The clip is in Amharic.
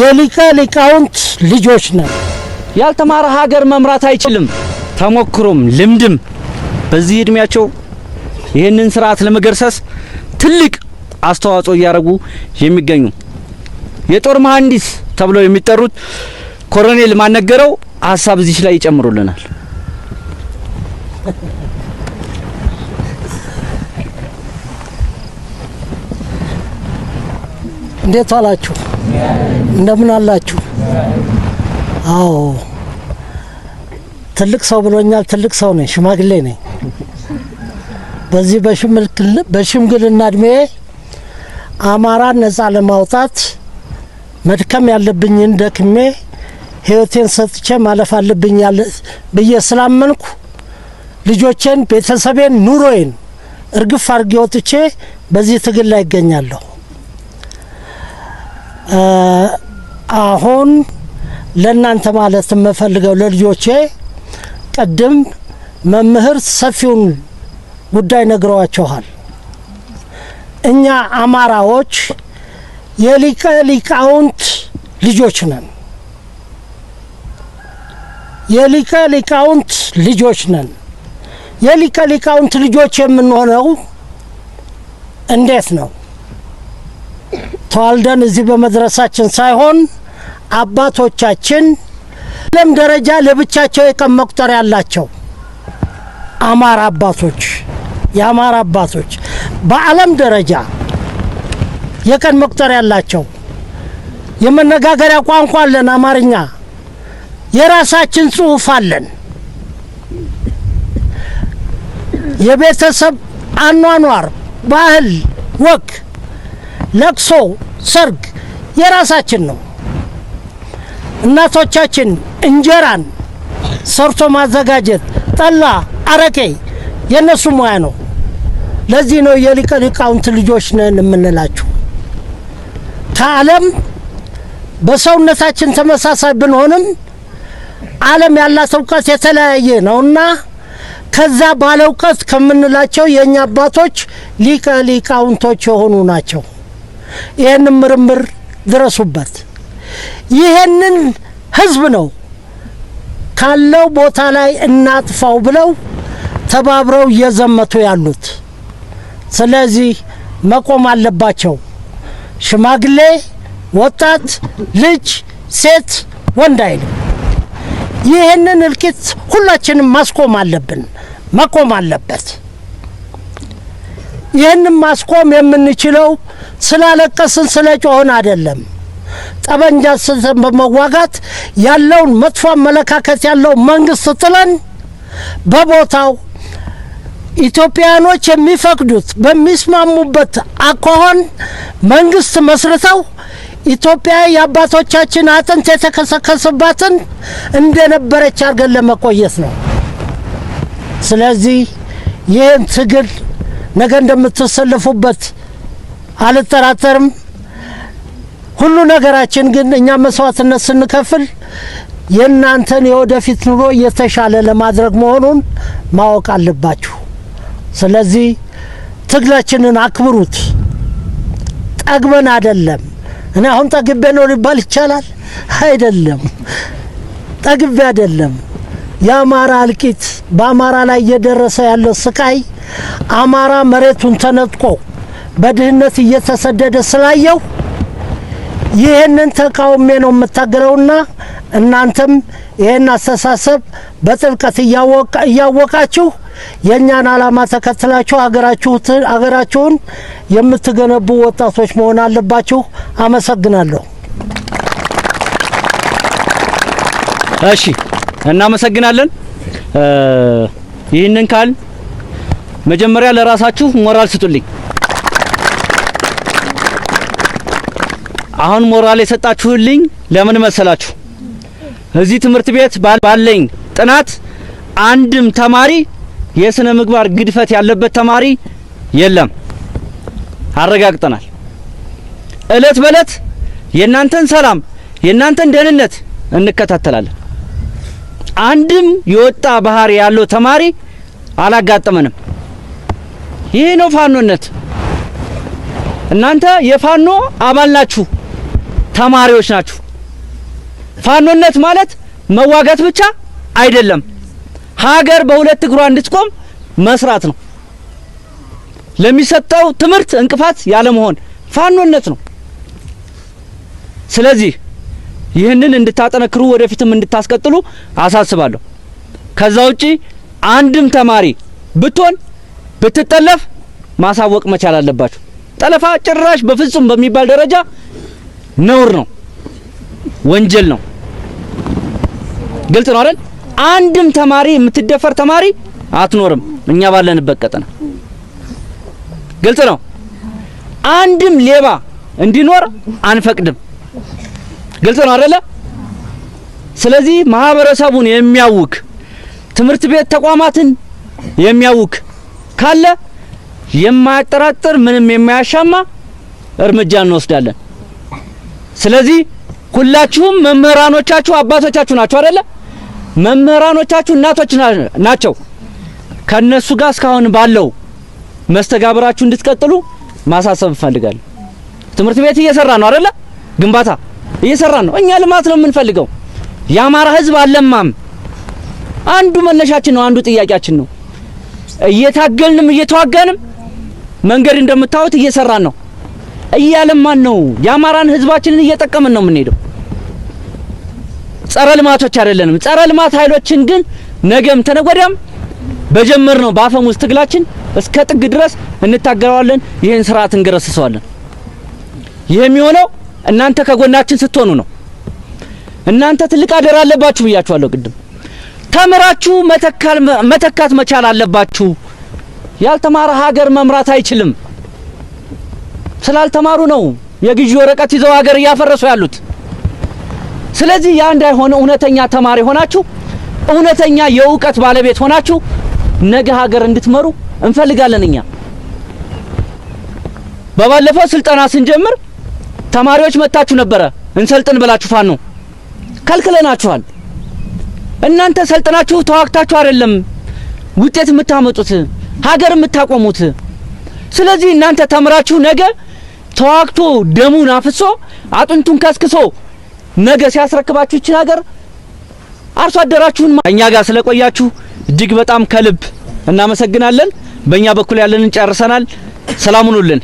የሊቀ ሊቃውንት ልጆች ነን። ያልተማረ ሀገር መምራት አይችልም። ተሞክሮም ልምድም በዚህ እድሜያቸው ይህንን ስርዓት ለመገርሰስ ትልቅ አስተዋጽኦ እያደረጉ የሚገኙ የጦር መሐንዲስ ተብለው የሚጠሩት ኮሎኔል ማነገረው ሀሳብ እዚች ላይ ይጨምሩልናል። እንዴት አላችሁ? እንደምን አላችሁ? አዎ ትልቅ ሰው ብሎኛል። ትልቅ ሰው ነኝ፣ ሽማግሌ ነኝ። በዚህ በሽምግልና እድሜ አማራን ነጻ ለማውጣት መድከም ያለብኝን ደክሜ ህይወቴን ሰጥቼ ማለፍ አለብኝ ብዬ ስላመንኩ ልጆቼን፣ ቤተሰቤን፣ ኑሮዬን እርግፍ አድርጌ ወጥቼ በዚህ ትግል ላይ ይገኛለሁ። አሁን ለእናንተ ማለት የምፈልገው ለልጆቼ ቅድም መምህር ሰፊውን ጉዳይ ነግረዋቸዋል። እኛ አማራዎች የሊቀ ሊቃውንት ልጆች ነን። የሊቀ ሊቃውንት ልጆች ነን። የሊቀ ሊቃውንት ልጆች የምንሆነው እንዴት ነው? ተዋልደን እዚህ በመድረሳችን ሳይሆን አባቶቻችን ለም ደረጃ ለብቻቸው የቀን መቁጠር ያላቸው አማራ አባቶች የአማራ አባቶች በዓለም ደረጃ የቀን መቁጠር ያላቸው የመነጋገሪያ ቋንቋ አለን፣ አማርኛ የራሳችን ጽሁፍ አለን። የቤተሰብ አኗኗር ባህል ወግ ለቅሶ፣ ሰርግ የራሳችን ነው። እናቶቻችን እንጀራን ሰርቶ ማዘጋጀት፣ ጠላ፣ አረቄ የእነሱ ሙያ ነው። ለዚህ ነው የሊቀ ሊቃውንት ልጆች ነን የምንላችሁ። ከዓለም በሰውነታችን ተመሳሳይ ብንሆንም ዓለም ያላት እውቀት የተለያየ ነውና ከዛ ባለ እውቀት ከምንላቸው የእኛ አባቶች ሊቀ ሊቃውንቶች የሆኑ ናቸው። ይህንን ምርምር ድረሱበት። ይህንን ህዝብ ነው ካለው ቦታ ላይ እናጥፋው ብለው ተባብረው እየዘመቱ ያሉት። ስለዚህ መቆም አለባቸው። ሽማግሌ፣ ወጣት፣ ልጅ፣ ሴት፣ ወንድ አይልም። ይህንን እልቂት ሁላችንም ማስቆም አለብን፣ መቆም አለበት። ይህንም ማስቆም የምንችለው ስላለቀስን ስለ ጮሆን አይደለም። ጠበንጃ ስልተን በመዋጋት ያለውን መጥፎ አመለካከት ያለው መንግስት ጥለን በቦታው ኢትዮጵያኖች የሚፈቅዱት በሚስማሙበት አኳኋን መንግስት መስርተው ኢትዮጵያ የአባቶቻችን አጥንት የተከሰከሰባትን እንደነበረች አድርገን ለመቆየት ነው። ስለዚህ ይህን ትግል ነገ እንደምትሰለፉበት አልጠራጠርም። ሁሉ ነገራችን ግን እኛ መስዋዕትነት ስንከፍል የእናንተን የወደፊት ኑሮ የተሻለ ለማድረግ መሆኑን ማወቅ አለባችሁ። ስለዚህ ትግላችንን አክብሩት። ጠግበን አይደለም። እኔ አሁን ጠግቤ ነው ሊባል ይቻላል? አይደለም፣ ጠግቤ አይደለም። የአማራ እልቂት በአማራ ላይ እየደረሰ ያለው ስቃይ አማራ መሬቱን ተነጥቆ በድህነት እየተሰደደ ስላየው ይህንን ተቃውሜ ነው የምታገለውና እናንተም ይህን አስተሳሰብ በጥልቀት እያወቃችሁ የእኛን ዓላማ ተከትላችሁ ሀገራችሁን የምትገነቡ ወጣቶች መሆን አለባችሁ። አመሰግናለሁ። እሺ፣ እናመሰግናለን። ይህንን ካል መጀመሪያ ለራሳችሁ ሞራል ስጡልኝ። አሁን ሞራል የሰጣችሁልኝ ለምን መሰላችሁ? እዚህ ትምህርት ቤት ባለኝ ጥናት አንድም ተማሪ የስነ ምግባር ግድፈት ያለበት ተማሪ የለም፣ አረጋግጠናል። እለት በእለት የእናንተን ሰላም የእናንተን ደህንነት እንከታተላለን። አንድም የወጣ ባህሪ ያለው ተማሪ አላጋጠመንም። ይሄ ነው ፋኖነት። እናንተ የፋኖ አባል ናችሁ፣ ተማሪዎች ናችሁ። ፋኖነት ማለት መዋጋት ብቻ አይደለም፣ ሀገር በሁለት እግሯ እንድትቆም መስራት ነው። ለሚሰጠው ትምህርት እንቅፋት ያለመሆን ፋኖነት ነው። ስለዚህ ይህንን እንድታጠነክሩ ወደፊትም እንድታስቀጥሉ አሳስባለሁ። ከዛ ውጪ አንድም ተማሪ ብትሆን ብትጠለፍ ማሳወቅ መቻል አለባችሁ። ጠለፋ ጭራሽ በፍጹም በሚባል ደረጃ ነውር ነው፣ ወንጀል ነው። ግልጽ ነው አይደል? አንድም ተማሪ የምትደፈር ተማሪ አትኖርም እኛ ባለንበት ቀጠና። ግልጽ ነው። አንድም ሌባ እንዲኖር አንፈቅድም። ግልጽ ነው አይደለ? ስለዚህ ማህበረሰቡን የሚያውክ ትምህርት ቤት ተቋማትን የሚያውክ ካለ የማያጠራጥር ምንም የማያሻማ እርምጃ እንወስዳለን። ስለዚህ ሁላችሁም መምህራኖቻችሁ አባቶቻችሁ ናቸው አይደለ? መምህራኖቻችሁ እናቶች ናቸው። ከነሱ ጋር እስካሁን ባለው መስተጋብራችሁ እንድትቀጥሉ ማሳሰብ እፈልጋለሁ። ትምህርት ቤት እየሰራ ነው አይደለ? ግንባታ እየሰራ ነው። እኛ ልማት ነው የምንፈልገው። የአማራ ሕዝብ አለማም አንዱ መነሻችን ነው፣ አንዱ ጥያቄያችን ነው። እየታገልንም እየተዋጋንም መንገድ እንደምታዩት እየሰራን ነው፣ እያለማን ነው፣ የአማራን ህዝባችንን እየጠቀምን ነው የምንሄደው። ጸረ ልማቶች አይደለንም። ጸረ ልማት ኃይሎችን ግን ነገም ተነጎዳም በጀመር ነው ውስጥ ትግላችን እስከ ጥግ ድረስ እንታገለዋለን። ይህን ስርዓት እንገረስሰዋለን። ይህ የሚሆነው እናንተ ከጎናችን ስትሆኑ ነው። እናንተ ትልቅ አደራ አለባችሁ ብያችኋለሁ ቅድም ተምራችሁ መተካት መቻል አለባችሁ። ያልተማረ ሀገር መምራት አይችልም። ስላልተማሩ ነው የግዢ ወረቀት ይዘው ሀገር እያፈረሱ ያሉት። ስለዚህ ያ እንዳይሆን እውነተኛ ተማሪ ሆናችሁ እውነተኛ የእውቀት ባለቤት ሆናችሁ ነገ ሀገር እንድትመሩ እንፈልጋለን። እኛ በባለፈው ስልጠና ስንጀምር ተማሪዎች መታችሁ ነበረ እንሰልጥን ብላችሁ ፋኖ ከልክለናችኋል። እናንተ ሰልጥናችሁ ተዋግታችሁ አይደለም ውጤት የምታመጡት ሀገር የምታቆሙት። ስለዚህ እናንተ ተምራችሁ ነገ ተዋግቶ ደሙን አፍሶ አጥንቱን ከስክሶ ነገ ሲያስረክባችሁ ይችን ሀገር አርሶ አደራችሁን እኛ ጋር ስለቆያችሁ እጅግ በጣም ከልብ እናመሰግናለን። በእኛ በኩል ያለንን ጨርሰናል። ሰላም ሁኑልን።